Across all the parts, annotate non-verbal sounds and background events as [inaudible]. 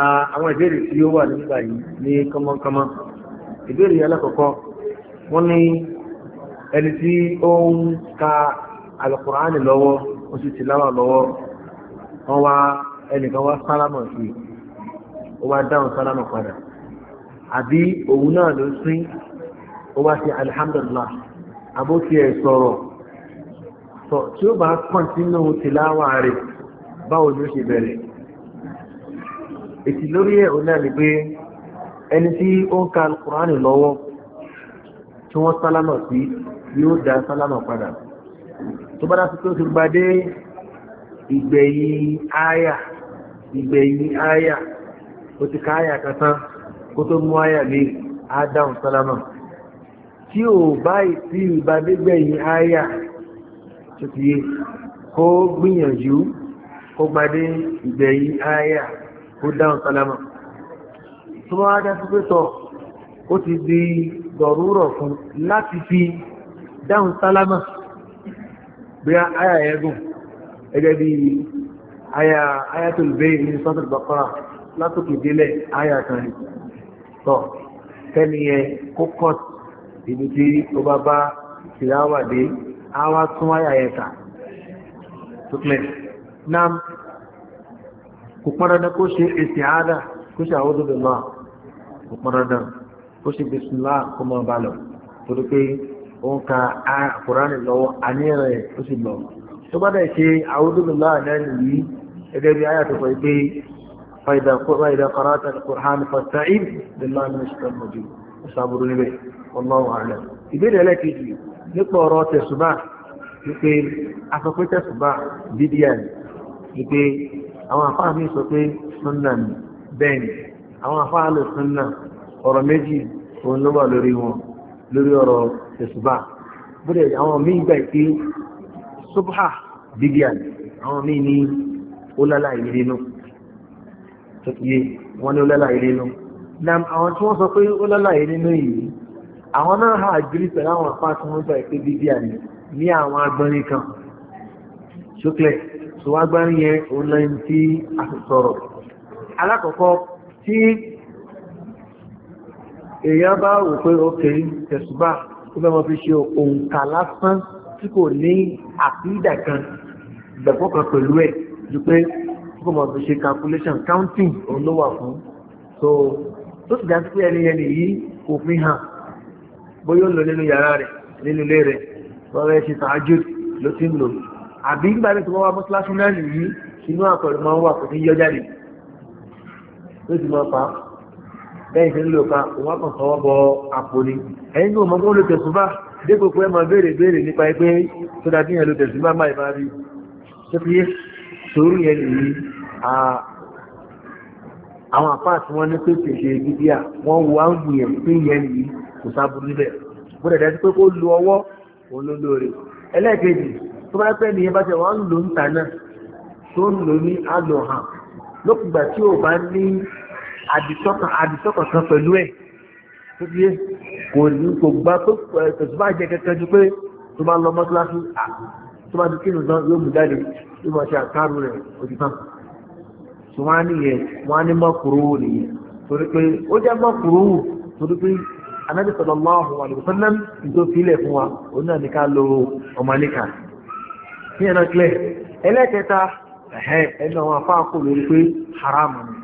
àwọn ìbéèrè tí ó wà nígbà yìí ní kánmọ́kánmọ́ ìbéèrè alákọ̀ọ́kọ́ wọ́n ní ẹni tí ó ń ka alùkùránì lọ́wọ́ ó sì ti láwà lọ́wọ́ wọ́n wá ẹnìkan wá sálámọ̀ sí ó wá dáhùn sálámọ̀ padà àbí òun náà ló sín ó wá sí alihamdulilá àbó ti ẹ̀ sọ̀rọ̀ tí ó bá kàn sínú tìláwà rẹ̀ báwo ló ṣe bẹ̀rẹ̀ èsì lórí ẹ̀ òun náà ni pé ẹni tí ó ń ka kùránì lọ́wọ́ tí wọ́n sálámà sí yóò dá sálámà padà tó bá dáa tó ti gba dé ìgbẹ̀yìn áyà ìgbẹ̀yìn áyà ó ti ka áyà kan tán kó tó mú áyà lé ádáhùn sálámà tí ò báyìí tí ìbádégbẹ̀yìn áyà tó ti yé kó gbìyànjú kó gba ìgbẹ̀yìn áyà kó dáhùn sálámà tó bá dá sí pé tọ́ ó ti di dọ̀rúrọ̀ fún láti fi dáhùn sálámà bí àyà ẹ̀gùn gẹ́gẹ́ bí àyà àyà tó lè bẹ́ẹ̀ ní sọ́tò bàkọ́rà látòkè délẹ̀ àyà kan ni tọ́ kẹ́ni yẹn kó kọ́t ibi tí ó bá bá tìláwà dé àwa tún àyà yẹn kà tó pẹ́ náà kò pọn dandan kó ṣe isti'adha kó ṣe a'udhu billah kò pọn dandan kó ṣe bisimilá kó máa bá lọ torí pé òun ka Kùránì lọ́wọ́ àníyàn rẹ̀ ó sì lọ. tó bá dẹ̀ ṣe a'udhu billah náà nìyí gẹ́gẹ́ bí ayà tó sọ pé فإذا قرأت القرآن فاستعيذ بالله من الشيطان الرجيم وصابروا به والله أعلم ìbéèrè lẹ́kì jù nípa ọ̀rọ̀ àwọn àfáà mi sọ pé súnà ni bẹ́ẹ̀ ni àwọn àfáà lè súnà ọ̀rọ̀ méjì òun ló wà lórí wọn lórí ọ̀rọ̀ tẹ̀sùbà bóde àwọn míì gbà pé subha bíbíà àwọn míì ní ó lálá ìlénu tó yé wọn ní ó lálá ìlénu àwọn tí wọ́n sọ pé ó lálá yìí àwọn náà ha àjírí pẹ̀lú àwọn àfáà tí wọ́n gbà pé bíbíà ní àwọn agbọ́nrin kan ṣókè ṣùgbọ́n yẹn òun lẹ́yìn tí a ti sọ̀rọ̀ alákọ̀ọ́kọ́ tí èèyàn bá wò pé ókèrè tẹ̀sùbá tó fẹ́ mọ́ fi ṣe òǹkà lásán tí kò ní àkídà kan ìgbàgbọ́ kan pẹ̀lú ẹ̀ ju pé kó mọ̀ fi ṣe calculation counting òun ló wà fún so tó sì dájú pé ẹni yẹn nìyí kò fi hàn bóyá ó lò nínú yàrá rẹ̀ nínú ilé rẹ̀ wọ́n fẹ́ ṣe tàájú ló ti ń lò àbí nígbà tí wọ́n wá mọ́síláṣí náà nìyí inú àpẹẹrẹ máa ń wà kò ní yọ jáde ló ti máa pa lẹ́yìn tí ń lò òun á kàn bọ àpò ni ẹ̀yìn ní òun ló tẹ̀sùn bá dépò pé máa béèrè béèrè nípa ẹgbẹ́ tó dájú yẹn ló tẹ̀sùn bá máa ìbá rí tó fi yé sòrú yẹn nìyí àwọn àpá tí wọ́n ní pé pèsè gidi à wọ́n wo áńgù yẹn pé yẹn nìyí kò sábúrú níbẹ̀ bó dẹ̀ dájú pé kó lu ọwọ́ òun ló lóore ẹlẹ́ẹ̀kejì tó bá pẹ́ nìyẹn bá ṣe wọ́n ń lò ń tà náà tó ń lò ní alohan lókùgbà tí ò bá ní àdìsọ́kàn àdìsọ́kàn kan pẹ̀lú ẹ̀ tó fi kò ní kò gbá tó tẹ̀sí bá jẹ kẹkẹ ju pé tó bá lọ mọ́tíláṣí tó bá ti kí nìkan yóò mú jáde yóò máa ṣe àkárò rẹ̀ òdì kan tó wá nìyẹn wọ́n ní mọ́kúrò nìyẹn torí pé ó jẹ́ mọ́kúrò torí pé anábìsọ̀lọ́mọ́ àwọn àlùfẹ́ náà tó ilẹ̀ fún wa òun náà ní ká lo ọmọ níkà ní ẹ̀nà clear ẹlẹ́kẹta ẹ̀nà àwọn afáàkù lórí pé haram ni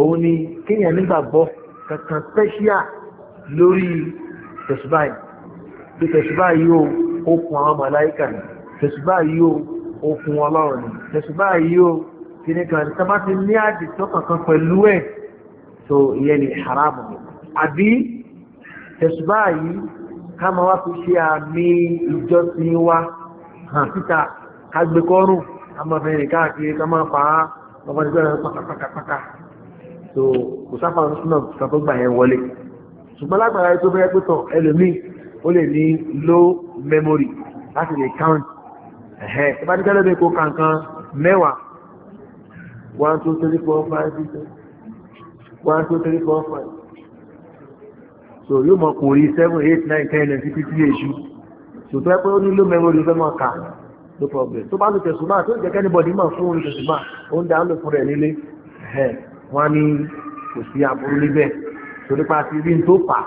òun ni kíyàn nígbàgbọ́ kankan pẹ́ṣíà lórí tẹ̀sùbáyì pé tẹ̀sùbáyì yóò okùn àwọn màláìkà ni tẹ̀sùbáyì yóò okùn ọlọ́run ni tẹ̀sùbáyì yóò kìnnìkan ní sábà ti ní àdìsọ́ kankan pẹ̀lú ẹ̀ so ìyẹn ni haram ni àbí tẹ̀sùbáyì ká máa wá fi ṣe àmì ìjọsìn wa hàn síta kagbekọrùn a máa fẹ́ rìn káàkiri ká máa fàá bàbá ti gbẹ́rẹ̀ pátápátápátá so kò sáfà ń súnà kan tó gbà yẹn wọlé ṣùgbọ́n lágbàrá tó fẹ́ pé tàn ẹlòmíì ó lè ní low memory láti lè count ẹ̀hẹ́ tó bá ní kẹ́lẹ́ bí kò kankan mẹ́wàá one two three four five six one two three four five so yóò mọ kò rí seven eight nine ten eleven fifty eight ṣu so tó ẹ pé ó ní low memory fẹ́ mọ̀ kà no problem tó bá ń lo tẹ̀sùmá tó ń jẹ́ kẹ́nìbọ̀dì mọ̀ fún orin tẹ̀sùmá ó ń dáhùn fún rẹ̀ nílé wọ́n ní kò sí aburú níbẹ̀ tó nípa ti rí n tó fà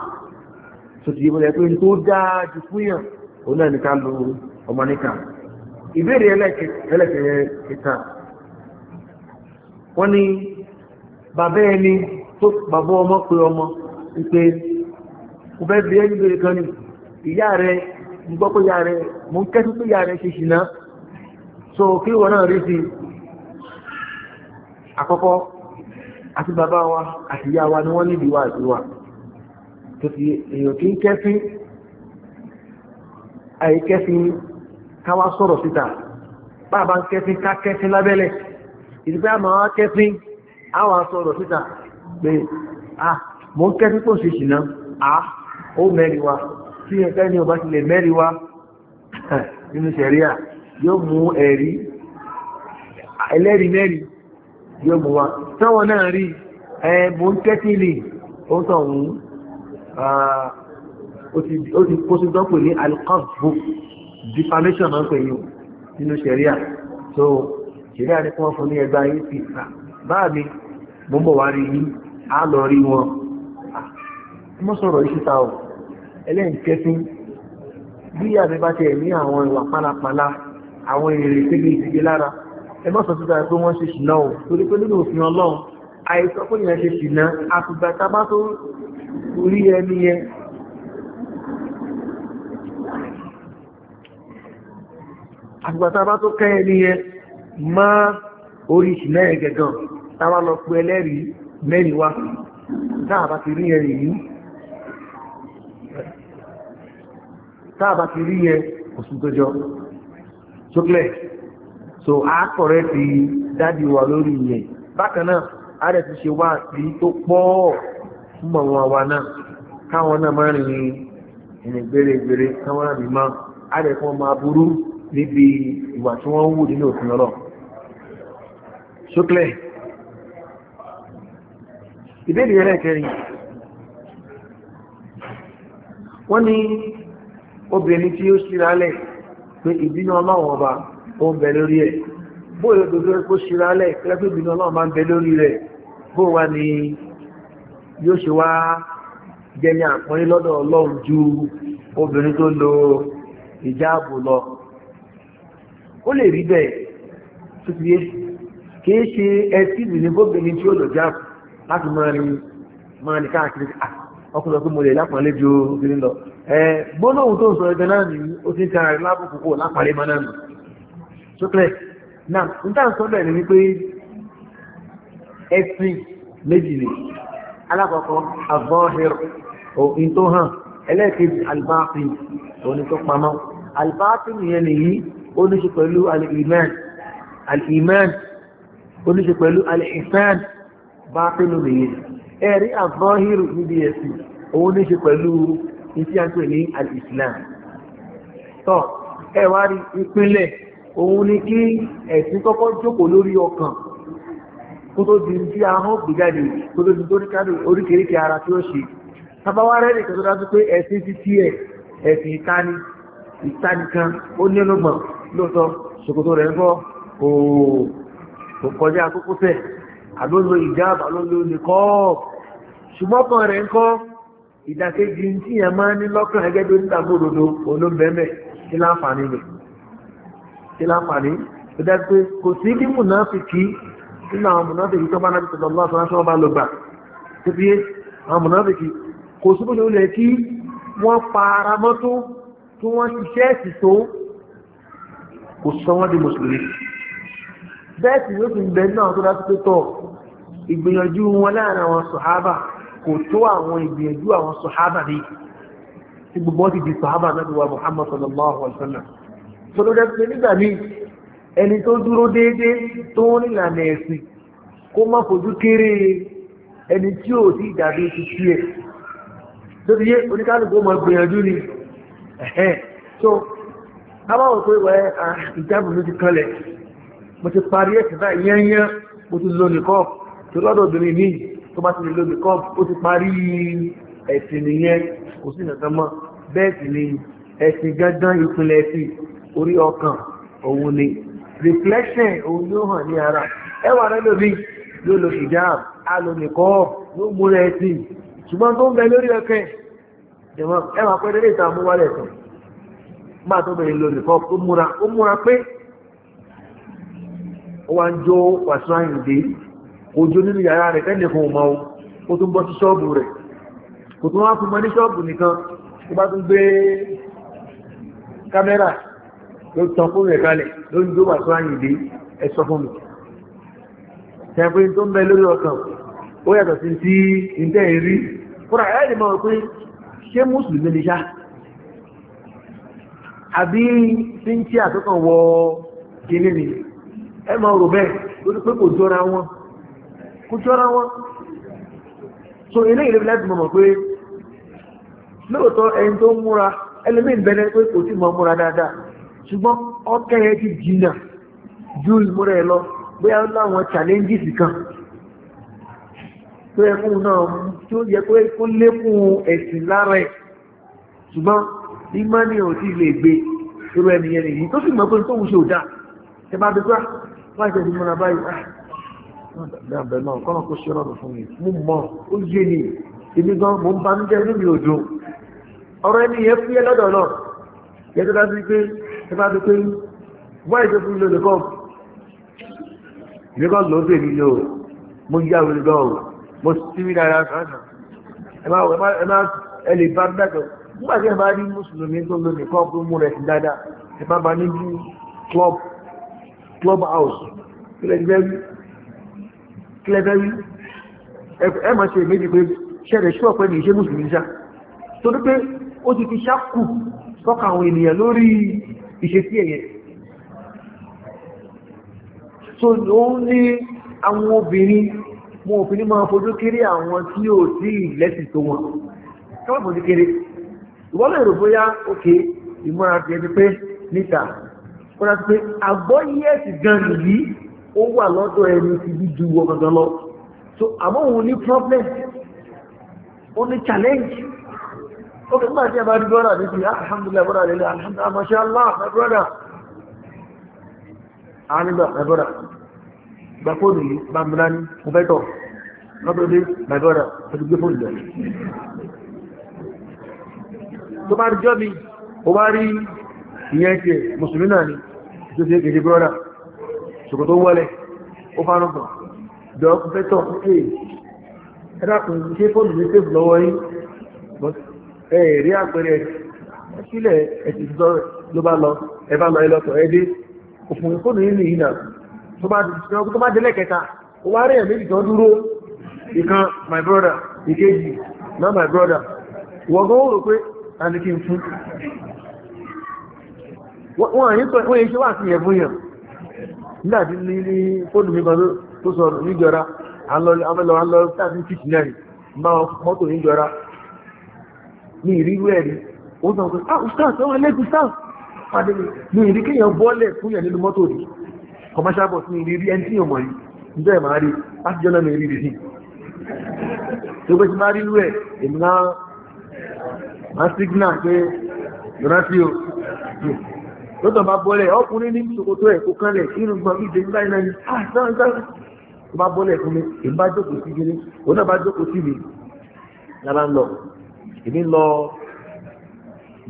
tó ti yẹ pé n tó dáa ju fún yàn òun náà ní ká lo ọmọ níkà ìbéèrè ẹlẹ́kẹ̀ẹ́ta wọ́n ní bàbá ẹni tó bàbá ọmọ pé ọmọ wípé mo fẹ́ bí ẹni bèrè kan ní ìyá rẹ̀ mo gbọ́ pé ìyá rẹ̀ mo ń kẹ́tù tó yà rẹ̀ ṣe ṣìnà so kí wọn náà rí sí àkọ́kọ́ àti bàbá wa àti ìyá wa ni wọ́n níbi wa àti wa tó ti èèyàn kí ń kẹ́fín àìkẹ́fín káwá sọ̀rọ̀ síta bàbá ń kẹ́fín ká kẹ́fín lábẹ́lẹ̀ ìdípẹ́ àmọ́ wá kẹ́fín àwọn sọ̀rọ̀ síta pé ah mo ń kẹ́fín pò sí ṣìnà ah ó mẹ́rin wa tí ẹ̀kẹ́ ni ọba ti lè mẹ́rin wa nínú sẹ̀ríà yóò mú ẹ̀rí ẹlẹ́rìí mẹ́rin yóò mú wa táwọn náà rí ẹ mò ń tẹ́tí ni ó tọ̀ ń ó ti kó sí dọ́pọ̀ ní alqazbu defamation náà pè yín nínú sẹ̀ríà so sẹ̀ríà ni wọ́n fún ní ẹgbẹ́ ayé ti ta báà mi mo ń bọ̀ wá rí yín á lọ rí wọn mo sọ̀rọ̀ ìṣúta ọ̀ ẹlẹ́yìn kẹfín bí àbí bá tẹ̀ ní àwọn ìwà pálapàla àwọn èrè pélé ìdíje lára ẹ má sọ síta pé wọ́n ṣe ṣìnà o torí pé nínú òfin ọlọ́run àìsàn pé yẹn ṣe ṣìnà àfìgbà tá a bá tó rí ẹni yẹn àfìgbà tá a bá tó kẹ́ ẹni yẹn má orí ṣìnà yẹn gẹ̀gàn táwa lọ pe ẹlẹ́rìí mẹ́rin wá táà bá ti rí ẹni yìí táàbà ti rí yẹn òsùn tó jọ chocolate so a kọ̀rẹ́ ti dádì wa lórí yẹn bákan náà a rẹ̀ ti ṣe wá sí tó pọ̀ fún àwọn àwa náà káwọn náà máa rìn ìrìn gbèrègbèrè káwọn náà mímọ́ a rẹ̀ fún ọmọ aburú níbi ìwà tí wọ́n wù nínú òfin ọlọ́ chocolate ìbéèrè ẹlẹ́kẹrin wọ́n ní obìnrin tí ó ṣíralẹ̀ pé ìbínú ọlọ́run ọba ó ń bẹ lórí ẹ̀ bóyá òdòdó kó ṣíralẹ̀ pẹ́lẹ́pẹ́ ìbínú ọlọ́run máa ń bẹ lórí rẹ̀ bó wá ni yóò ṣe wá jẹni àpọ́nlé lọ́dọ̀ ọlọ́run ju obìnrin tó lo ìjáàbù lọ ó lè rí bẹ́ẹ̀ títí yé kìí ṣe ẹtí ìdìní bóbìnrin tí ó lò jáàbù láti máa ní káàkiri àti ọkùnrin ọkùnrin mo lè lápàlẹ́ ju obìnrin lọ ẹ gbólóhùn tó ń sọ ẹgbẹ́ náà nìyí ó ti ń kára lábùkù kó lápàlẹ́ mọ́ náà nù sókè náà n tá à ń sọ bẹ́ẹ̀ ni wípé ẹ̀sìn méjì ni alákọ̀ọ́kọ́ avọ́hìr òun tó hàn ẹlẹ́ẹ̀kejì albáàfin òun tó pamọ́ yẹn nìyí ó ní ṣe pẹ̀lú al-iman al-iman ó ní ṣe pẹ̀lú al-ihsan báàfin nìyí ẹ̀rí àbọ́hírù níbi ẹ̀sìn òun ní ṣe pẹ̀lú ìtí à ń ní al-islam tọ́ ẹ ìpínlẹ̀ òun ni kí ẹ̀sìn kọ́kọ́ jókòó lórí ọkàn kó tó di tí a hàn gbéjáde kó tó di torí kádùn oríkèéríkèé ara tí ó ṣe tábáwá rẹ̀ nìkan tó dájú pé ẹ̀sìn ti tiẹ̀ ẹ̀sìn ìtani ìtani kan ó ní ọlọ́gbọ̀n lóòótọ́ ṣòkòtò rẹ̀ ń bọ́ kò kọjá kókósẹ̀ àlólo ìjáàbà àlólo nìkọ́ọ̀bù ṣùgbọ́n kan rẹ̀ ń kọ́ ìdàkejì tí yẹn máa ní lọ́kàn ẹgẹ́ tó ń dàgbò òdodo olóńbẹ́mẹ̀ kí láǹfààní rẹ̀ kí láǹfààní tó dẹ́ pé kò sí bí mùnáfìkì nínú àwọn mùnáfìkì tó bá náà tó lọ́wọ́ tó ránṣẹ́ wọn bá lọ gbà tó fi yé àwọn mùnáfìkì kò sí bó ṣe lè kí wọ́n pa ìgbìyànjú wọn láàárín àwọn sàhábà kò tó àwọn ìgbìyànjú àwọn sọ̀hábà ní tí gbogbo ti di sọ̀hábà náà wà Muhammad sallallahu alaihi wa sallam tó ló dẹ́ pé nígbà míì ẹni tó dúró déédéé tó ń nílànà ẹ̀sìn kó má fojú kéré ẹni tí ò sí ìdàbí ti tú ẹ̀ tó ti yé oníkálùkù ọmọ gbìyànjú ni so kábàáwò pé wẹ́ ìjábù ló ti kanlẹ̀ mo ti parí ẹ̀sìn náà yẹ́nyẹ́ mo ti lò nìkan tó lọ́dọ̀ obìnrin míì tó bá ti lè lo nìkan ó ti parí ẹ̀sìn nìyẹn kò sí nǹkan mọ́ bẹ́ẹ̀ sì ni ẹ̀sìn gangan ìpínlẹ̀ ẹ̀sìn orí ọkàn òun ni reflection òun yóò hàn ní ara ẹwà rẹ lómi yóò lo hijab alonìkọ́ yóò múra ẹ̀sìn ṣùgbọ́n tó ń bẹ lórí ọkẹ́ ìmọ̀ ẹwà pẹ́ lórí ìta àmúwálẹ̀ tán máa tó bẹ̀rẹ̀ lórí kọ́ ó múra ó múra pé ó wá ń jó wàṣọ àyìndé òjò nínú yàrá rẹ̀ tẹ́lẹ̀ fún ọmọ o ó tún bọ́ sí ṣọ́ọ̀bù rẹ̀ kò tún wá fún mọ́ ní ṣọ́ọ̀bù nìkan ó bá tún gbé kámẹ́rà ló tán fún rẹ̀ kalẹ̀ ló ń dó wàtó àyìnlé ẹ sọ fún mi tẹ̀pẹ́ tó ń bẹ lórí ọkàn ó yàtọ̀ sí sí ìtẹ́ ìrí fúnra ẹ̀ lè mọ̀ pé ṣé mùsùlùmí ni ṣá àbí tí ń tí àtọ́kàn wọ kíní ni ẹ máa rò bẹ́ẹ̀ lórí pé kò jọra wọn kò jọra wọn so ilé ìlú láti mọ̀ pé lóòótọ́ ẹni tó múra ẹlẹ́mìn bẹ́lẹ́ pé kò tí mọ̀ múra dáadáa ṣùgbọ́n ọkẹ́ yẹn ti jìnnà ju ìmúra ẹ lọ bóyá ó láwọn challenges kan tó yẹ fún un náà tí ó yẹ pé kó lékún ẹ̀sìn lára ẹ̀ ṣùgbọ́n ìmánì ò tí lè gbé irú ẹnìyẹn nìyí tó sì mọ̀ pé tóun ṣe ò ẹ bá dúpẹ́ wáyé tẹ̀sí múra báyìí ah, dábẹ́ náà kọ́nà kó ṣe rọrùn fún mi mo mọ ó yé ni ibi gan mo ń bá mi jẹ́ inú mi ò dùn ọ̀rọ̀ ẹni yẹn fúyẹ́ lọ́dọ̀ náà yẹn tó dájú pé ẹ bá ti pé wáyé tó fún mi lónìí kan mi kan ló bèèrè ní o mo yá wẹ̀lú gan o mo sí mi dára kan náà ẹ má ẹ lè bá mi dájọ́ nígbà tí ẹ bá rí mùsùlùmí tó lónìí kan tó mú rẹ̀ dáadáa ẹ bá ba níbi club club house kílẹ̀ ti bẹ́ẹ̀ kílẹ̀bẹ́rí ẹ máa ṣe méjì pé ṣẹlẹ̀ ṣọ́ pẹ́ ní ìṣe mùsùlùmí ṣá torí pé ó ti fi ṣákù sọ́kà àwọn ènìyàn lórí ìṣesí ẹ̀yẹ so òun ní àwọn obìnrin mo òfin ní máa fojú kéré àwọn tí ò sí ìlẹ́sìn tó wọn káwọn fojú kéré ìwọ́lẹ̀ èrò bóyá òkè ìmúra ti ẹni pé níta ó dájú pé àgbọ́yé ẹ̀sìn gan nìyí ó wà lọ́dọ̀ ẹni tí bí ju wọn gangan lọ so àmọ́ òun ní problem ó ní challenge ó kẹ́ nígbà tí a bá rí brọ́dà ní ti ah, alhamdulilayi brọ́dà lélẹ̀ alhamdulilayi masha allah my brother àárígbà my brother gba fóònù yìí bá mi rání mo fẹ́ tọ̀ lọ́dọ̀ dé my brother ó ti gbé fóònù lọ tó bá rí jọ́ mi ó bá rí ìyẹn tiẹ̀ mùsùlùmí náà ni tó ṣe kéde brọ́dà ṣòkò tó wọlẹ̀ ó fárúgbọ̀n jọ pẹ́tọ̀ ẹ̀ ẹ̀dàkùn ṣé fóònù ní sèfù lọ́wọ́ yín ẹ̀ rí àpẹẹrẹ sílẹ̀ ẹ̀sìn tó ló bá lọ ẹ bá lọ ẹ lọ́tọ̀ ẹ dé òfin fóònù yín nìyí náà tó bá tó bá délẹ̀ kẹta ó wá rí ẹ̀ méjì tó dúró ìkan my brother ìkejì not my brother ìwọ̀gán ó rò pé a ní kí n fún wọ́n yìí ṣe wà sí ẹ̀fún yàn ndị tí ní ní fóònù mi kan tó sọ̀rọ̀ níjọra àlọ́ tàbí fífi náà rí máa mọ́tò níjọra ní ìrírú ah ustaz ọmọ ẹlẹ́gùn ustaz pàdé mi ní ìrí kéèyàn bọ́ọ̀lẹ̀ fún yẹn nínú mọ́tò rí commercial bus ní ìrírí ẹni tí yóò mọ̀ yìí níjọ́ ẹ̀ máa rí náà sí tó lọ́tọ̀ bá bọ́lẹ̀ ọkùnrin ní ṣòkòtò ẹ̀ kó kanlẹ̀ inú gbọ́n bí ìdèmí báyìí náà ni àìsàn ah, ìsáàlù tó bá bọ́lẹ̀ fún mi èmi bá jókòó sí gíní òun náà bá jókòó sí mi lára ń lọ èmi lọ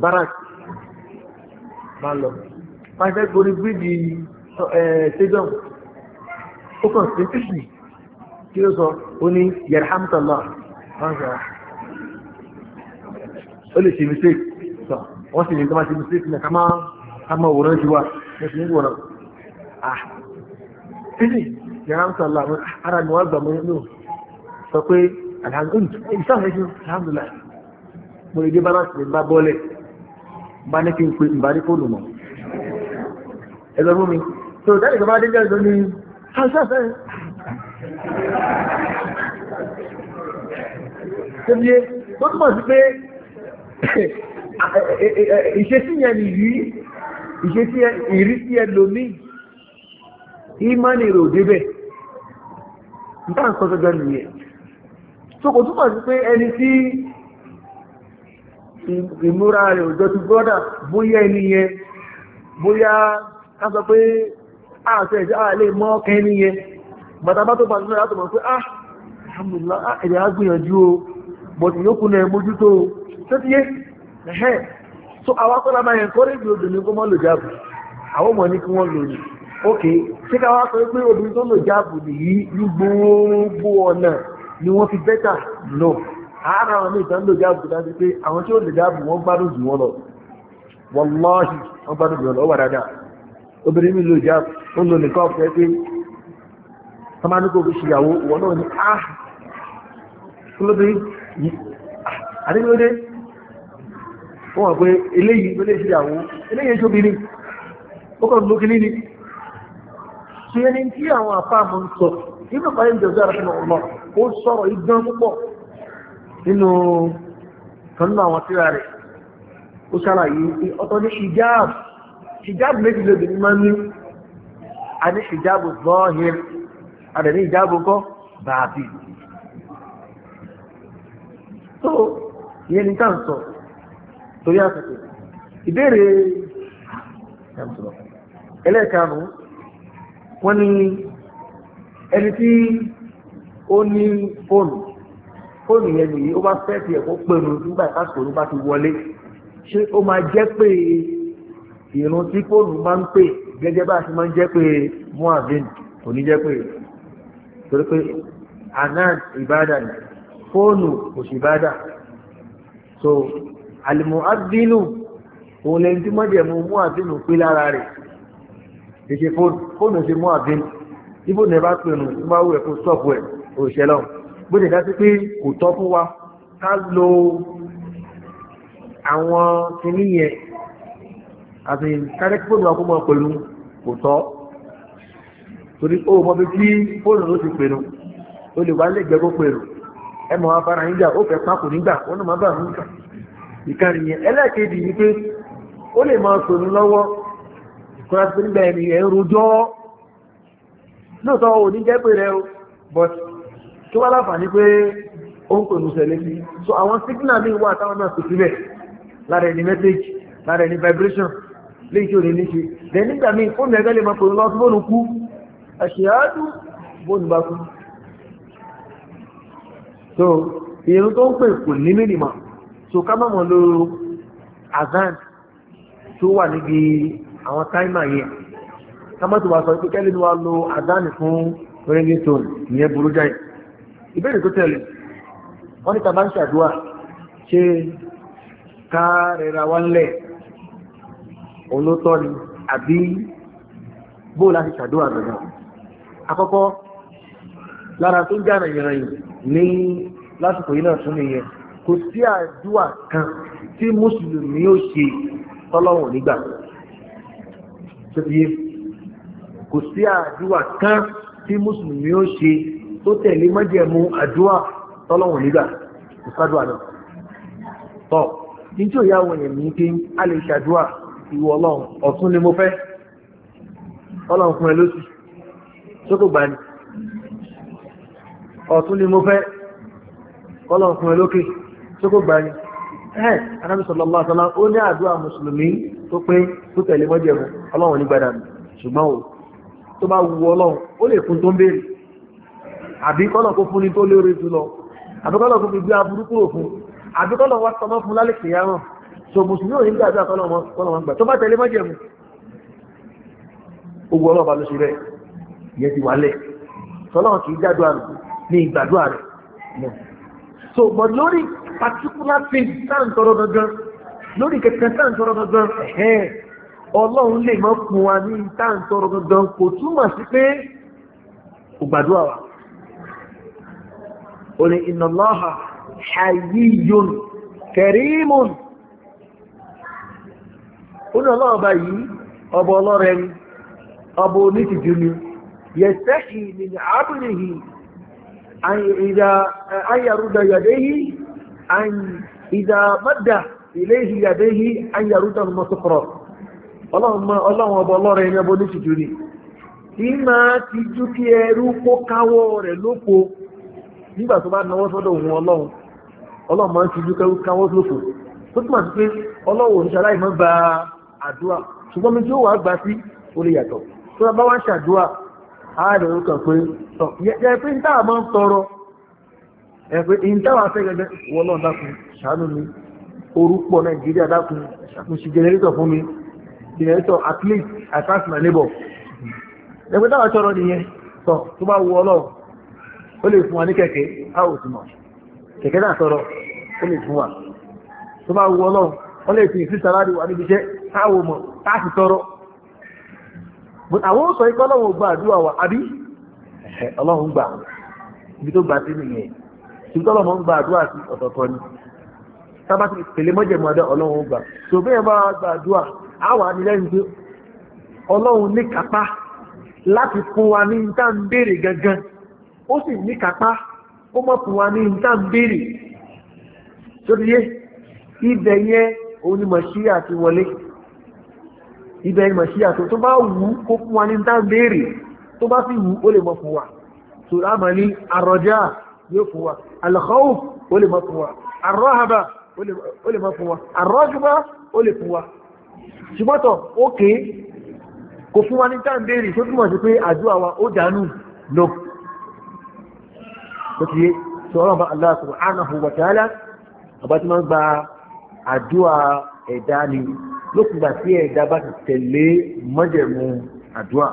báràkì bá lọ pàṣẹ gorí bíríìjì stadium ó kàn sí títì kí ló sọ ó ní yarhamtala ó lè ṣe mistake wọ́n a máa wòrán ju wa mo sì ń wòrán ah títí yàrá Allah sọ àlọ́ àwọn ara ni wọ́n gbà mọ́ nínú sọ pé alhamdulilayi mo lè dé bá láti lè bá bọ́ọ̀lẹ̀ bá ní kí n pe ìbá ní fóònù mọ́ ẹ lọ fún mi tó dáàbì kan bá dé jẹ́ ìdóni ṣáṣáṣá ẹ̀ tẹ́bí tó túmọ̀ sí pé ìṣesí yẹn ìṣesí ìrísí ẹlòmíì ìmánì rò débẹ̀ nǹkan tó gbẹ̀lú yẹn so kò túmọ̀ sí pé ẹni tí ìmúra rẹ̀ òjò ti brọ́dà bóyá ẹni bóyá ká sọ pé àṣẹ ìṣẹ́ àlè mọ́ ọkẹ́ bàtàbá tó bá nílẹ̀ ah o so àwọn akọ́lá máa yẹn kọ́rẹ́ ìgbì obìnrin kó mọ́ lò jáàbù àwọn ọmọ ní kí wọ́n lò ní ok ṣé káwá sọ pé obìnrin tó lò jáàbù nìyí ní gbogbo ọ̀nà ni wọ́n fi bẹ́tà lọ àárá àwọn míì tán lò jáàbù dájú pé àwọn tí ó lò jáàbù wọ́n gbádùn jù wọ́n lọ wọ́lọ́ọ̀ṣì wọ́n gbádùn jù wọ́n lọ ó wà dáadáa obìnrin mi lò jáàbù ó lò nìkan ọ̀fẹ́ pé tọ́mánikò fi ṣìyàwó wọ́n náà ní ah kúlóbi ah! àdégbélé wọ́n wọ́n pé eléyìí ló lè ṣíyàwó eléyìí tó bìíní ó kọ́ ló kíní ni ṣe ẹni tí àwọn àfáàmù ń sọ nínú báyé ń jọjọ́ àrẹ́sìn ọ̀lọ́ ó sọ̀rọ̀ igán púpọ̀ nínú kanú àwọn tíra rẹ̀ ó ṣàlàyé pé ọ̀tọ̀ ní hijab hijab méjì lóbìnrin máa ń ní a ní hijab zọ́ọ̀hìn a dẹ̀ ní hijab kọ́ bàbí so ìyẹn ni tá ń sọ̀rọ̀ torí àsìkò ìbéèrè ẹlẹ́ẹ̀kanu wọ́n ní ẹni tí ó ní fóònù fóònù yẹn nìyí ó bá fẹ́ ti ẹ̀kọ́ pẹ̀lú nígbà ìpásòrò bá ti wọlé ṣé ó máa jẹ́ pé ìrún tí fóònù máa ń pè gẹ́gẹ́ bá a ṣe máa ń jẹ́ pé mohavin kò ní jẹ́ pé torí pé anad ìbádà fóònù kò sí ìbádà so àlùmọ́ádínù òun lẹ́yìn tí mọ́jẹ̀mú mú àdínù pé lára rẹ̀ èṣe fóònù ṣe mú àdínù ibo ní ẹ bá pinnu tí máa wù ẹ kó sọ́ọ̀bù ẹ òṣìṣẹ́ lọ bó ṣe dá sí pé kò tọ́ fún wa ká lo àwọn kìíní yẹn àti kárẹ́ kí fóònù wa pẹ̀lú kò tọ́ torí ó mọ bí tí fóònù ló ti pinnu ó lè wá lè jẹ́ kó ẹ mọ̀ wá yín jà ó fẹ́ pákó nígbà ó náà má bà ń ìkànnì yẹn ẹlẹ́ẹ̀kejì yìí pé ó lè máa sòrò lọ́wọ́ ìkọ́ra tó nígbà ẹni ẹ̀ ń rojọ́ lóòótọ́ ò ní jẹ́ pé rẹ o but tó wá láǹfààní pé ó ń pèlú sẹ̀lẹ̀ sí so àwọn signal mi wà táwọn náà kò síbẹ̀ lára ẹni message lára ẹni vibration léyìí tí ò ní ní ṣe then nígbà míì fóònù ẹgbẹ́ lè máa pèlú lọ́wọ́ fóònù kú ẹ̀ṣẹ̀ àádú fóònù bá kú so ìrún tó ń pè kò ní mínímọ̀ so ká mọ̀mọ́ lo azan tó wà níbi àwọn táìmà yẹn ká mọ̀ tó wà sọ pé kẹ́lí ni wà lo azan fún ringtone ìyẹn burú jáì ìbéèrè tó tẹ̀lé wọ́n ní tàbá ń ṣàdúrà ṣe ká rẹra wá ńlẹ̀ olótọ́ ni àbí bó láti ṣàdúrà gbẹ̀gbẹ̀ àkọ́kọ́ lára tó ń jà nàìjíríà ní lásìkò yìí náà tún nìyẹn kò sí àdúà kan tí mùsùlùmí ó ṣe tọ́lọ́wọ̀n nígbà tó ti yé kò sí àdúà kan tí mùsùlùmí ó ṣe tó tẹ̀lé májẹ̀mú àdúà tọ́lọ́wọ̀n nígbà kò sádùà náà tọ́ níjó ìyá àwọn èèyàn ní pé a lè ṣàdúà ìwọ ọlọ́run ọ̀tún ni mo fẹ́ ọlọ́run fún ẹ lóṣù tó kò gbà ní ọ̀tún ni mo fẹ́ ọlọ́run fún ẹ lókè. Okay ṣé kò gbà ní ẹ̀ anábì sallallahu alaihi wasallam ó ní àdúrà mùsùlùmí tó pé tó tẹ̀lé mọ́jẹ̀mú ọlọ́run ní gbàdánù ṣùgbọ́n o tó bá wu ọlọ́run ó lè fún tó ń béèrè àbí kọ́lọ̀ kó fún ní tó lóore jùlọ àbí kọ́lọ̀ kó fi gbé aburú kúrò fún àbí kọ́lọ̀ wá tọmọ́ fún lálẹ́ kìyàmọ̀ so mùsùlùmí ò ní gbàdúrà kọ́lọ̀ wọn gbà tó bá tẹ̀lé mọ́jẹ̀mú ogun ọlọ́ọ̀bá ló ṣe rẹ̀ yẹ ti wálẹ̀ tọ́lọ́run kì í gbàdúrà rẹ̀ ní ìgbàdúrà rẹ̀ so but lórí particular thing tá à ń tọrọ dandan lórí kẹ̀kẹ́ tá tọrọ dandan ẹ̀hẹ́n ọlọ́run lè mọ́ fún wa ní tá tọrọ dandan kò túmọ̀ sí pé kò gbàdúrà wa ó ní ní ọlọ́run ọba yìí ọba ni ọba ìdá mọ́dà ilé ìyàdé yìí ayàrúdà mọ́ sọ́kọ̀rọ̀ ọlọ́run ọba ọlọ́rẹ̀ ẹni ọba oníṣìjú ni tí máa ti jú kí ẹrú kó káwọ́ rẹ̀ lóko nígbà tó bá náwó sọ́dọ̀ òun ọlọ́run ọlọ́run máa ń ti jú káwọ́ lóko tó túmọ̀ sí pé ọlọ́run òun ṣaláì máa gba àdúrà ṣùgbọ́n mi tí ó wà gbà sí orí yàtọ̀ tó bá wá ń ṣàdúrà á rẹ̀ ó kàn pé tọ̀ yẹ pé ní táà máa ń tọrọ ẹ̀pẹ́ in táwà fẹ́ gẹ́gẹ́ dákun ṣàánú mi orúpọ̀ nàìjíríà dákun ṣàkúnṣe generator fún mi generator at least i pass my neighbor ẹ̀pẹ́ táwà tọrọ nìyẹn tọ tó bá ó lè fún wa ní kẹ̀kẹ́ a ò kẹ̀kẹ́ náà tọrọ ó lè fún wa tó bá ó lè fi sọ ikọ́ gba àdúrà wa àbí ọlọ́run gbà tó gbà sí ìtọ́lọ̀ mọ́ ń gba àdúrà sí ọ̀tọ̀ọ̀tọ̀ ni sábà ti pèlè mọ́jẹ̀mọ́ ọdẹ ọlọ́run gbà tó bẹ́ẹ̀ bá gba àdúrà á wà ní lẹ́yìn pé ọlọ́run ní kápá láti fún wa ní níta ń béèrè gangan ó sì ní kápá ó mọ̀ fún wa ní níta ń béèrè sórí yé ibẹ̀ yẹn òun ti wọlé ibẹ̀ ni mọ̀ṣíyà tó bá wù kó fún wa ní níta ń béèrè tó bá sì wù ó lè mọ̀ fún wa sòrò àmọ́ ní àrọ̀já yóò fún wa alkhawf ó lè má fún wa arrahaba ó lè má fún wa arrajba ó lè fún wa ṣùgbọ́tọ̀ ó kéé kò fún wa ní táǹbéèrè tó túnmọ̀ sí pé àdúrà wa ó dànù lọ bó ti yé sọ́rọ̀ bá Allah subhanahu wa ta'ala ọba tí wọ́n gba àdúrà ẹ̀dá ni lókùngbà tí ẹ̀dá bá ti tẹ̀lé mọ́jẹ̀mú àdúrà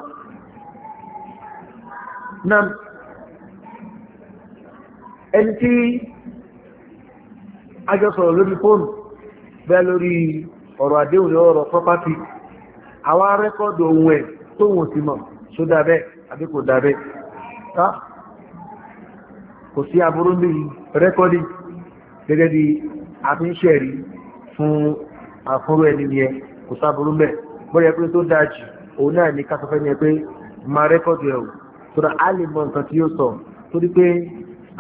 ẹni tí a jọ sọ̀rọ̀ lórí fóònù bẹ́ẹ̀ lórí ọ̀rọ̀ àdéhùn ní ọ̀rọ̀ pọ́pátì àwọn rẹ́kọ́ọ̀dù ohun ẹ̀ tó wọ́n ti mọ̀ ṣó dábẹ́ àbí kò dábẹ́ ká kò sí aburú ní rẹ́kọ́ọ̀dì gẹ́gẹ́ bí a fi ń ṣẹ̀rí fún àfúrú ẹni yẹn kò sáburú mẹ́ bọ́yẹ pé tó dáa òun náà ní káfẹ́fẹ́ yẹn pé máa rẹ́kọ́ọ̀dù ẹ̀ o tó dá a lè mọ nǹkan tí yóò sọ torí pé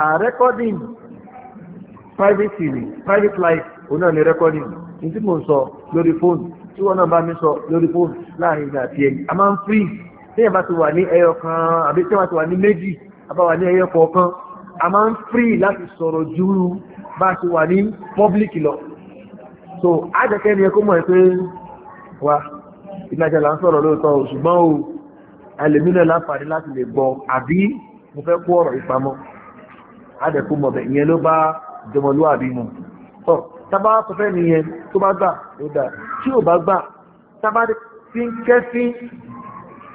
are recording private tv private life òun ni recording ní tí mò ń sọ lórí fóònù tí wọ́n náà bá mi sọ lórí fóònù láàrin ìgbà àti ẹ̀yìn a máa ń free tí yẹn bá ti wà ní ẹyọ kan àbí tí wọ́n ti wà ní méjì àbá wà ní ẹyọ kọ̀ọ̀kan a máa ń free láti sọ̀rọ̀ ju bá a ti wà ní public lọ so àjẹkẹ́ ni ẹ kó mọ̀ ẹ pé wa ìgbàjà là ń sọ̀rọ̀ lóòótọ́ ṣùgbọ́n o àlèmínà láǹfààní láti lè gbọ́ àbí mo fẹ́ kó ọ̀rọ̀ ìpamọ́ adẹ̀kú mọ̀bẹ̀ ìyẹn ló bá jọmọlúwàbí mu tọ́ tábà sọ fẹ́ nìyẹn tó bá gbà ló dà tí ò bá gbà tábà fi ń kẹ́fín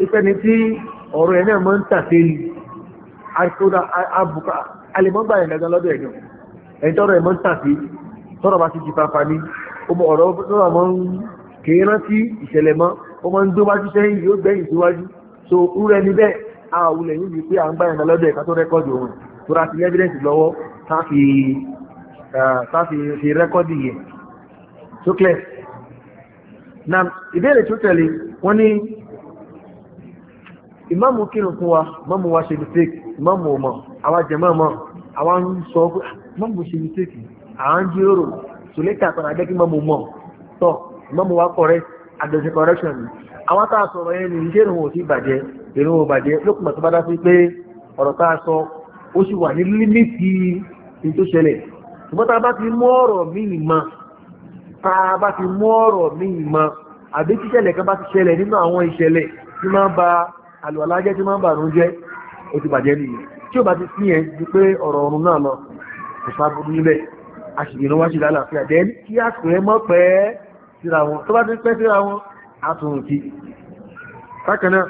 ìfẹ́ni tí ọ̀rọ̀ ẹ̀ náà máa ń tàfẹ́lì àìsódà àbùkà alẹ́mọ́gbà ẹ̀ lẹ́gbẹ̀ẹ́ lọ́dọ̀ ẹ̀yàn ẹ̀ tọ́rọ ẹ̀ máa ń tàfẹ́ tọ́rọ bá ti di pàpà ní ọ̀rọ̀ náà máa ń kéré rántí ìṣẹ̀lẹ̀ mọ́ ó máa ń dówájú sẹ́yìn yóò gbẹ̀yìn síwájú so rúrẹ́ ni bẹ́ẹ̀ àwùlẹ̀ yìí wípé à ń gbà ẹ̀ lọ́dọ̀ ẹ̀ká tó rẹ́kọ́ọ̀dù òun tóra evidence lọ́wọ́ táfi fi rẹ́kọ́dì yẹn tó clear na ìbéèrè tó tẹ̀lé wọ́n ní ìmáàmù kírun fún wa ìmáàmù wa ṣe mistake ìmáàmù ọmọ àwa jẹ̀mọ́ ọmọ àwa ń sọ pé ah, ìmáàmù ṣe mistake à ń jíròrò sùlẹ́tà kan àjẹ́kí ìmáàmù mọ̀ tọ́ ìmáàmù wa correct àdọ̀sẹ̀ correction àwọn tá a sọ̀rọ̀ yẹn ní ìṣẹ́rùn ò sí bàjẹ́ ìrùn ò bàjẹ́ lókùnmọ̀ tó bá dá sí pé ọ̀rọ̀ tá a sọ ó sì wà ní límítì ní tó ṣẹlẹ̀ ṣùgbọ́n tá a bá ti mú ọ̀rọ̀ míì mọ́ tá a bá ti mú ọ̀rọ̀ míì mọ́ àbí tíṣẹ̀lẹ̀ kan bá ti ṣẹlẹ̀ nínú àwọn ìṣẹ̀lẹ̀ tí máa ń ba àlùwàlá jẹ́ tí máa ń bà rún jẹ́ ó ti bàjẹ́ nìyẹn tí ó bá ti sí yẹn ju pé ọ̀rọ̀ ọ̀run náà lọ kò sábúrú níbẹ̀ àṣìyàn wá ṣe lálàáfíà dẹ́ kí àsùn ẹ mọ́ pẹ́ síra wọn tó bá ti pẹ́ síra wọn á kí bákan náà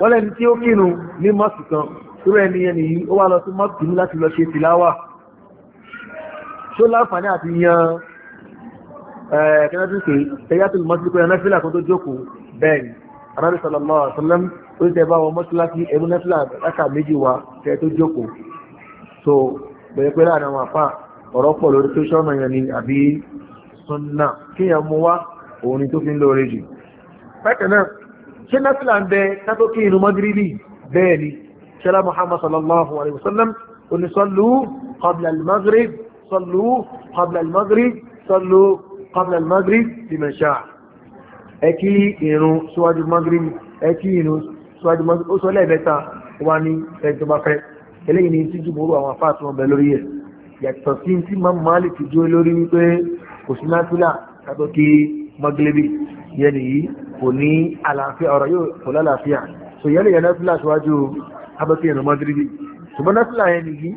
wọ́n lẹ́ni tí ó kírun ní mọ́sù kan irú ẹni yẹn nìyí ó wá lọ sí mọ́sù ní láti lọ ṣe tìláwà ṣó láǹfààní àti yan kẹ́lẹ́tì pé ẹ̀yà tó lè mọ́sù pé ẹ̀nà fílà kan tó jókòó bẹ́ẹ̀ ni wa kẹ́ tó so bẹ̀rẹ̀ pé láàrin àwọn àfà ọ̀rọ̀ pọ̀ lórí ni ni tó fi ń lóore jù bákan náà ṣe nafila ń bẹ tátókè inú magribi bẹ́ẹ̀ ni ṣẹlá muhammad sallallahu alaihi wasallam onísọ́lù qabla al-maghrib sọ́lù qabla al-maghrib sọ́lù qabla al-maghrib liman sha'a ẹkí ìrun síwájú maghrib ẹkí ìrun síwájú maghrib ó sọ lẹ́ẹ̀mẹ́ta wá ní ẹjọba fẹ́ eléyìí ni tí jùmọ̀rú àwọn afá tí wọ́n yẹni yìí kò ní àlàáfíà ọ̀rọ̀ yóò kò lálàáfíà so yẹni yẹn náfílà síwájú abẹ́kẹ́ ìrun magribi ṣùgbọ́n náfílà yẹni yìí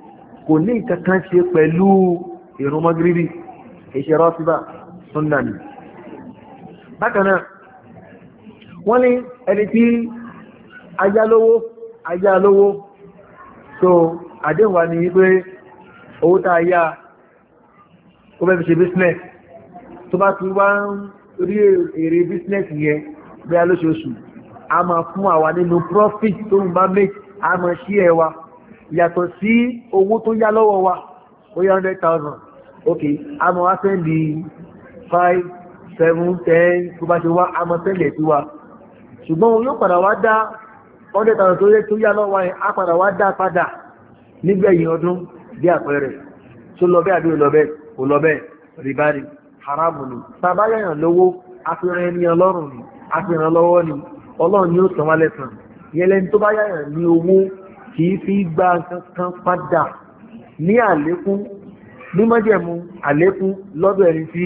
kò ní kankan ṣe pẹ̀lú ìrun magribi ìṣẹ́ rọ́fíbà sunna ni bákan náà wọ́n ní ẹni tí ayálówó ayálówó so àdéhùn wa ni wípé owó tá a yá ó fẹ́ fi ṣe business tó bá ti wá ń torí èrè bísínẹ́sì yẹn bẹ́ẹ̀ lóṣooṣù a máa fún àwa nínú profit tó ń bá make a máa ṣí ẹ wa yàtọ̀ sí owó tó yá lọ́wọ́ wa ó yá hundred thousand ok a máa wá sẹ́ndì five seven ten tó bá ṣe wá a máa sẹ́ndì ẹ̀ sí wa ṣùgbọ́n yóò padà wá dá hundred thousand tó yẹ tó yá lọ́wọ́ yẹn a padà wá dá padà nígbẹ̀yìn ọdún bí àpẹẹrẹ tó lọ bẹ́ẹ̀ àbí olọ́bẹ̀ olọ́bẹ̀ rìbárì haramu ni sàbáyàyàn lówó àfihàn ẹni ọlọ́run ni àfihàn lọ́wọ́ ni ọlọ́run ni ó tàn wá lẹ́sàn yẹlẹ́ni tó bá yàyàn ní owó kì í fi gba kankan padà ní àlékún ní mọ́jẹ̀mú àlékún lọ́dọ̀ ẹni tí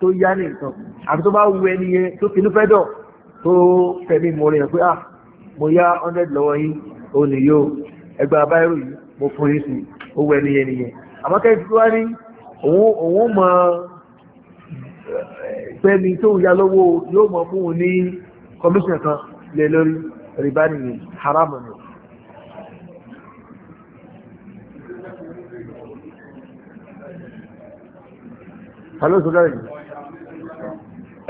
tó yá ní nǹkan àti tó bá wu ẹni yẹn tó finú fẹ́ dọ̀ tó fẹ̀mí mo rẹ̀ pé ah mo yá 100 lọ́wọ́ yín òun nìyó ẹgbàá báyìí mo fún yín sí owó ẹni yẹn nìyẹn àmọ́ kẹ́yìn tó wá ní òun mọ pẹ́ni tó ń ya lọ́wọ́ yóò mọ fún un ní kọmíṣẹ̀ kan lè lórí rìbá nìyí haram ni alóòsọ́lọ́rì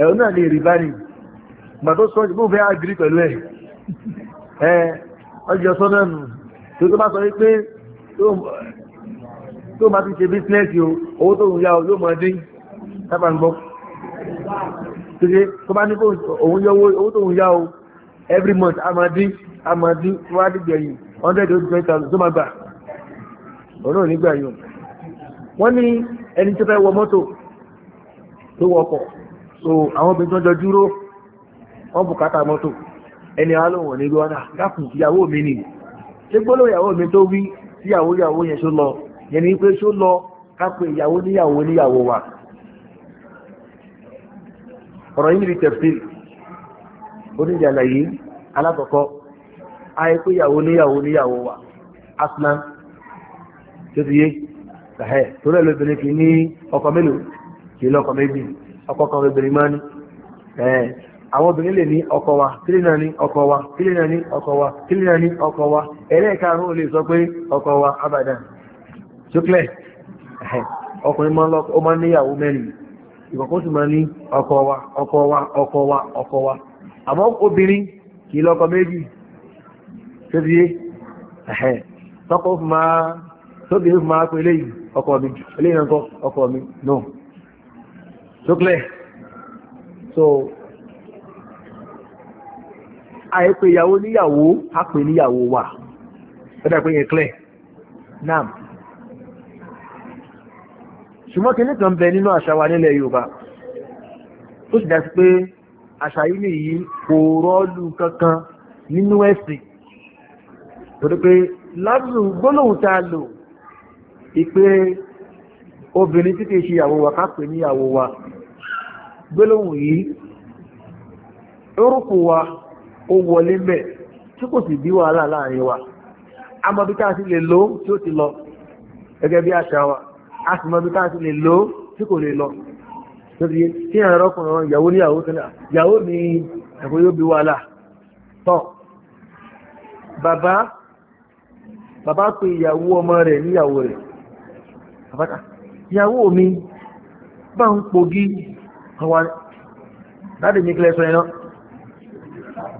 ẹ̀rọ náà lè rìbá nìyí gbà tó sọ́jú bó fẹ́ àgírí pẹ̀lú ẹ̀ ẹ̀ ọjọ́ sọ́nà nù tó tó bá sọ wípé tó máa fi ṣe bísínẹ́sì o owó tó ń yá o yóò máa dín sábà ń gbọ́ bá ní kó òun yọ owó tó ń yá o every month a máa dín a máa dín wá dìgbẹ̀ yìí hundred and tó máa gbà òun náà nígbà yìí wọ́n ní ẹni tó fẹ́ wọ mọ́tò tó wọ so àwọn obìnrin tó jọ dúró wọ́n bùkátà mọ́tò ẹni alóhùn ní gbọ́nà dákùn ìyàwó mi nì ṣé gbólóhùn ìyàwó mi tó wí síyàwó ìyàwó yẹn tó lọ yẹni ni pé ṣó lọ kápẹ́ ìyàwó níyàwó níyàwó wa ọ̀rọ̀ yìí níbi tẹ̀fìl oníjàlá yìí alákọ̀ọ́kọ́ àìpé ìyàwó níyàwó níyàwó wa asna tó ti yé ṣàhẹ́ torí ẹ̀ lóbìnrin kì í ní ọkọ mélòó kì í méjì ọkọ kan máa ní àwọn obìnrin lè wa náà ní ọkọ wa náà ní ọkọ wa náà ní ọkọ wa lè sọ ọkọ wa ṣókílẹ̀ ọkùnrin máa níyàwó mẹ́rin ìkọ̀kọ́ sì máa ní ọkọ wa ọkọ wa ọkọ wa ọkọ wa àmọ́ obìnrin kì í lọ́kọ méjì tó fi fún máa tóbìnrin fún ọkọ mi eléyìí náà kọ́ mi no ṣókílẹ̀ so àìpé níyàwó á níyàwó wa ó pé yẹn clear ṣùgbọ́n kí nìkan bẹ nínú àṣà wa nílẹ̀ Yorùbá tó sì dásí pé àṣà yìí nìyí kò rọ́ọ̀lù kankan nínú ẹ̀sìn torí pé lábùn gbólóhùn tá a lò ìpé obìnrin títí ṣe ìyàwó wa ká pè ní ìyàwó wa gbólóhùn yìí orúkọ wa ó wọlé mẹ́ tí kò sì bí wàhálà láàrin wa amọ̀bí tá a sì lè lò tí ó ti lọ gẹ́gẹ́ bí àṣà wa a sì mọ ibi táà sí lè lò tí kò lè lọ lórí tí ìyàn rọ́kùnrin wọn ìyàwó níyàwó tó náà ìyàwó ni ẹ̀kọ́ yóò bí wàhálà tọ́ bàbá bàbá pe ìyàwó ọmọ rẹ̀ níyàwó rẹ̀ àbáta ìyàwó mi bá ń pògí àwọn dáadé mi kílẹ̀ sọ ẹ̀nà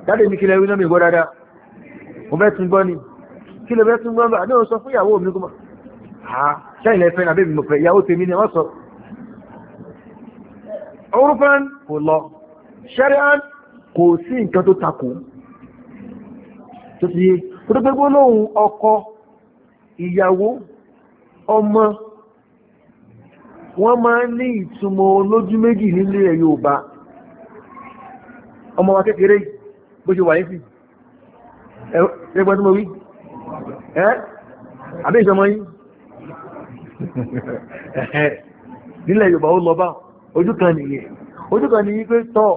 dáadé mi kílẹ̀ wínà mi gbọ́ dáadáa mo bẹ́ tún gbọ́ ni kí lè bẹ́ tún gbọ́ ní ṣáìlẹ̀ fẹ́ nàbí mi mọ̀fẹ́ ìyàwó tèmi ni wọ́n kò lọ kò sí nǹkan tó takò ìyàwó ọmọ wọ́n máa ní ìtumọ̀ olójú nílé ẹ̀ ọba ọmọ wa kékeré bó ṣe wà ní sí ẹgbẹ́ tó mọ̀ wí ẹ́ àbí yìí nílẹ̀ Yorùbá ó lọ bá ojú kan nìyẹn ojú kan nìyí pé tọ́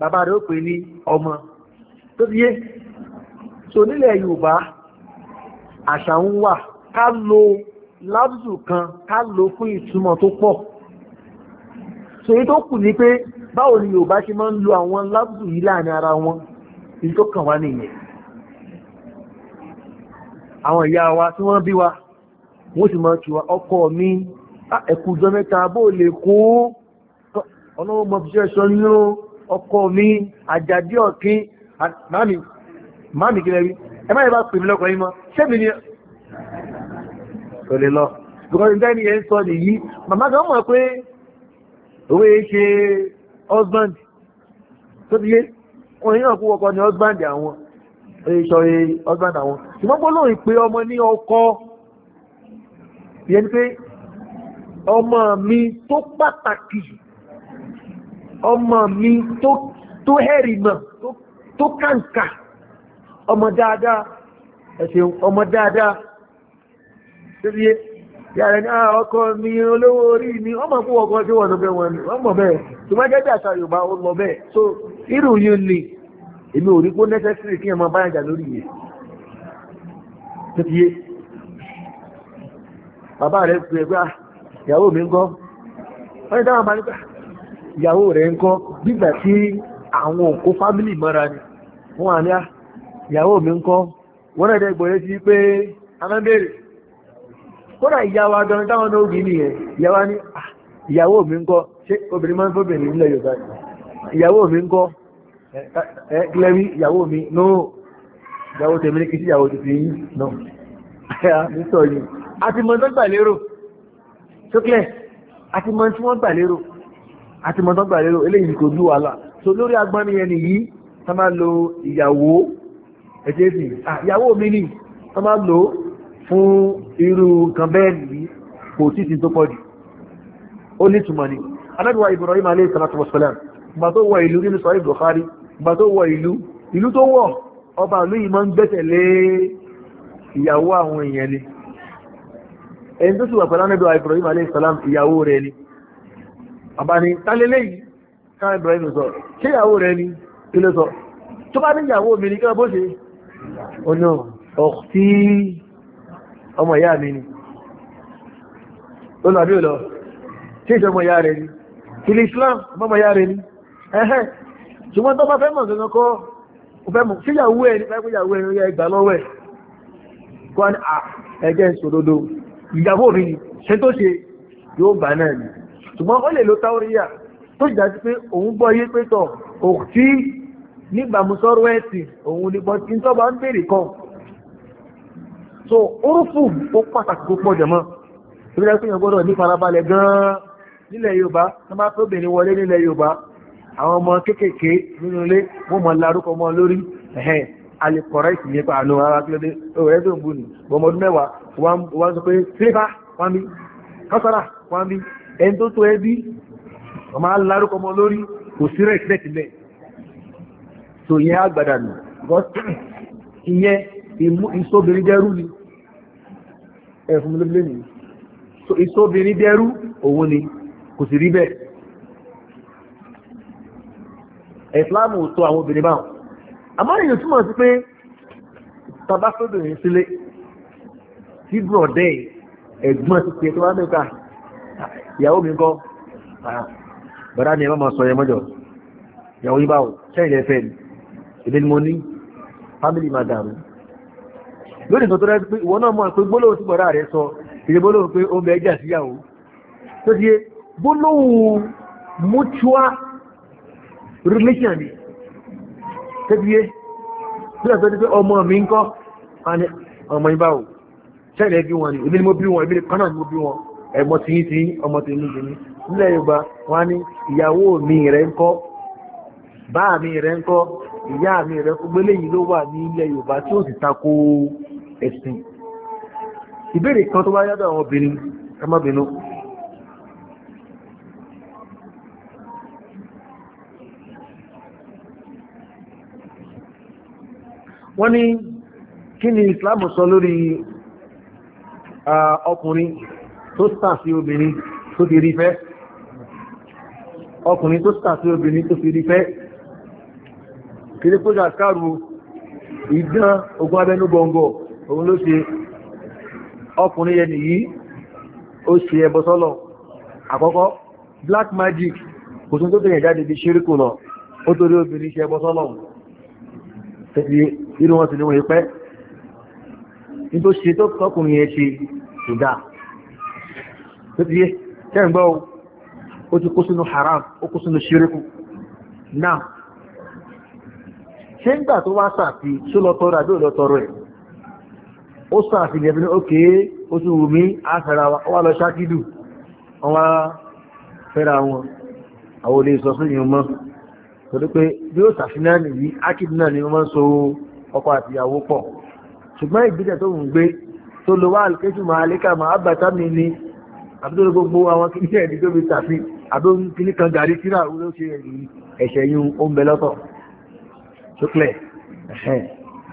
bàbá rẹ̀ ó pè ní ọmọ tó ti yé so nílẹ̀ Yorùbá àṣà ń wà ká lo lábùsù kan ká lo fún ìtumọ̀ tó pọ̀ so èyí tó kù ni pé báwo ni Yorùbá ṣe máa ń lo àwọn lábùsù yìí láàrin ara wọn èyí tó kàn wá nìyẹn àwọn ìyá wa tí wọ́n bí wa wọ́n sì máa tùwà ọkọ mi ah, ẹ̀kú ìjọ mẹ́ta bó lè kó ọlọ́wọ́ mọ̀ fi ṣẹ́ṣọ́ nínú ọkọ mi àjàdí ọ̀kín máàmì kí lẹ́rí ẹ má yẹ bá pè mí lọ́kọ̀ yín mọ́ ṣẹ́mi ni kò lè lọ because ǹjẹ́ ni yẹn sọ nìyí màmá kan mọ̀ pé òwe ṣe husband tó ti yé wọn yìí náà kú ọkọ ni husband àwọn ṣọ̀rẹ́ husband àwọn ṣùgbọ́n gbọ́dọ̀ ìpè ọmọ ní ọkọ yẹn ni pé ọmọ mi tó pàtàkì ọmọ mi tó hẹ́rìmọ̀ tó kàǹkà ọmọ dáadáa ẹ̀sìn ọmọ dáadáa síbi yàrá ní ah, ọkọ mi olówó orí mi ọmọ fún ọkọ tí wọ́n bẹ́ wọn ọmọ bẹ́ẹ̀ tí wọ́n gẹ́gẹ́ àṣà Yorùbá ó lọ bẹ́ẹ̀ so irú yìí ni èmi ò rí pé necessary kí ẹ máa báyàjà lórí yìí bàbá rẹ̀ pé ẹgbẹ́ ìyàwó mi ń gọ́ wọ́n ní dáwọn bá nígbà ìyàwó rẹ̀ ń bí nígbà tí àwọn òkú fámìlì mọ́ra ni wọ́n àní ìyàwó mi ń wọ́n rẹ̀ gbọ́dọ̀ sí pé amẹ́bẹ̀rẹ̀ ah, kódà ìyàwó adọ́rin ìyàwó ìyàwó mi ń kọ́ mi ń kọ́ ẹ ìyàwó mi [laughs] àti mọ̀ tó gbàlérò ṣókẹ́ àti mọ̀ tí wọ́n gbàlérò àti mọ̀ tó gbàlérò eléyìí kò bí wàhálà so lórí agbọ́n yẹn nìyí tó máa lo ìyàwó ẹ̀jẹ̀ sí ìyàwó mi ni tó máa lo fún irú kan bẹ́ẹ̀ nìyí kò tí ti tó pọ̀ jù ó ní ìyàwó àwọn èèyàn ni ẹni tó sì wà pẹ̀lú ànábì Ibrahim alayhi salam ìyàwó rẹ̀ ni àbáni tálélé yìí káà Ibrahim sọ ṣé ìyàwó rẹ̀ ni kí ló sọ tó bá ní ìyàwó mi ní kí wọ́n bó ṣe ọ̀nà ọ̀tí ọmọ ìyá mi ni ó lọ àbí ò lọ ṣé ìṣe ọmọ ìyá rẹ̀ ni kí ni Islam ọmọ kọ́ ní fẹ́ kó ìyàwó ìyàwó mi ṣe tó ṣe yóò bá náà ni ṣùgbọ́n ó lè lo táóríyà tó jà sí pé òun gbọ́ yé pé tọ̀ òtí nígbàmú sọ́rọ̀ ẹ̀sìn òun ni bọ́n tí ń tọ́ba ń bèèrè kan so orúfù ó pàtàkì púpọ̀ jẹ̀mọ́ ìbílẹ̀ pé yàn gbọ́dọ̀ ní farabalẹ̀ gan-an nílẹ̀ Yorùbá tó bá tóbìnrin wọlé nílẹ̀ Yorùbá àwọn ọmọ kéékèèké nínú ilé wọ́n mọ larúkọ ọmọ lórí ẹ̀hẹ́n alẹ́ kọ̀rẹ́ ìsìn nípa àánú ara kílódé ó tó ń bù ní ọmọ ọdún mẹ́wàá wọ́n sọ pé sílífà wọ́n bí kọ́sọ́rà wọ́n bí ẹni tó tó ẹbí wọ́n máa lárúkọ mọ́ lórí kò sí rẹ̀kẹ́tì lẹ̀ tó yẹ ni ẹ̀fún mi lóbi lónìí ìsóbìnrin dẹ́rú òun ni kò sì rí bẹ́ẹ̀ ìsìláàmù tó àwọn tàbá sóbìnrin sílé tí bùrọ̀dẹ́ ẹ̀gbọ́n ti pè tó wá mẹ́ta ìyàwó mi kọ́ bàdá ni ẹ má máa sọ yẹn mọ́jọ ìyàwó yín báwo sẹ́yìn lẹ́fẹ́ ni èmi ni mo ní fámìlì máa dàrú lónìí tó tó rẹ́ pé ìwọ náà mọ̀ pé gbólóhùn tí bọ̀dá rẹ̀ sọ ìdí gbólóhùn pé ó mẹ́jà síyàwó tó ti yé gbólóhùn mutual relation ni tó ti yé bí wọ́n sọ pé ọmọ mi ń kọ́ ọmọ yín báwo ṣẹlẹ̀ bí wọn ni èmi mo bí wọn èmi ni ni mo bí wọn ẹ̀gbọ́n tí yín tí ọmọ tí yín tìyín nílẹ̀ Yorùbá wọn ni ìyàwó mi rẹ̀ ń kọ́ bá mi rẹ̀ ń kọ́ ìyá mi rẹ̀ ń kọ́ gbélé yìí ló wà ní ilẹ̀ Yorùbá tí ó sì tako ẹ̀sìn ìbéèrè kan tó bá yàtọ̀ àwọn ọkùnrin tó sà sí obìnrin tó ti rí fẹ́ ọkùnrin tó sà sí obìnrin tó ti rí fẹ́ kìí kójú àkàrù ìdán ogun abẹ́nú gbọ̀ngọ̀ òun ló ṣe ọkùnrin yẹn nìyí ó ṣe ẹbọ sọ́lọ̀ àkọ́kọ́ black magic kò tún tó tẹ̀yẹ̀ jáde bí ṣíríkù lọ ó torí obìnrin ṣe ẹbọ sọ́lọ̀ tẹ̀lé irú wọn sì ni wọ́n pẹ́ ní tó ṣe tó tọkùnrin yẹn ṣe ṣùgá tó ti yé tẹ́gbọ́ o ti kó sínú haram o kó sínú ṣíríkù náà ṣe ń gbà tó wá sàfi ṣó lọ tọrọ àbí òlọ tọrọ ẹ̀ ó sàfi ní òkè ó ti wa lọ ṣákídù fẹ́ra wọn àwọn olè ni wọ́n máa ń so àtìyàwó tó lo wá àlùkéjù màálíkà màábàtà mi ni àbúrò gbogbo àwọn kìíṣẹ́ ẹ̀dí tó fi tàfi àbúrò kìíní kan gàrí síra ló ṣe ẹ̀ṣẹ̀ yún ó ń bẹ lọ́tọ̀ ṣókèlè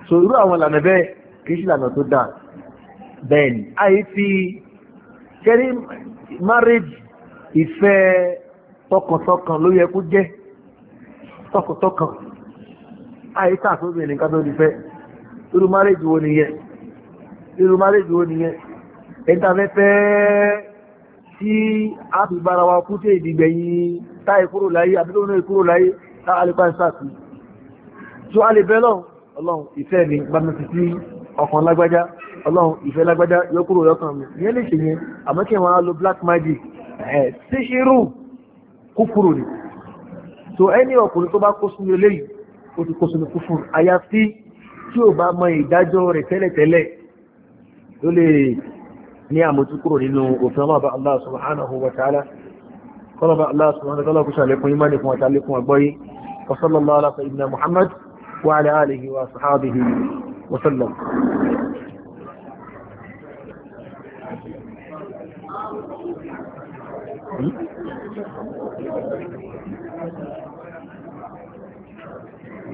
so irú àwọn ìlànà bẹ́ẹ̀ kìí ṣe ìlànà tó dáa bẹ́ẹ̀ ni àyè fi ṣẹ́rí marriage ìfẹ́ tọkàntọkàn ló yẹ kó jẹ́ tọkàntọkàn àyè tààfin obìnrin ká tó di fẹ́ irú marriage wo nìyẹn irú márèjì ó nìyẹn ẹ̀ntàfẹ́fẹ́ tí a fi bára wa kú tí ìdìgbẹ̀yìn táì kúrò láyé àbílónà ìkúrò láyé tá a lè pa ìsàkì tó a lè bẹ́lọ̀ ọlọ́run ìfẹ́ mi gbàmẹ́sì sí ọkàn lágbájá ọlọ́run ìfẹ́ lágbájá yọkúrò yọkàn mi black magic ẹ̀ sí irú kúkúrò so ẹni ọkùnrin tó bá kó sínú eléyìí ó ti kó sínú kúfùrù ló lè ní àmójúkúrò nínú òfin ọlọ́ọ̀bá Allah subhanahu wa ta'ala kọlọ́bá Allah subhanahu wa ta'ala kò ṣàlékún imani fún àtàlékún àgbọ́yé wa sallallahu ala sayyidina Muhammad wa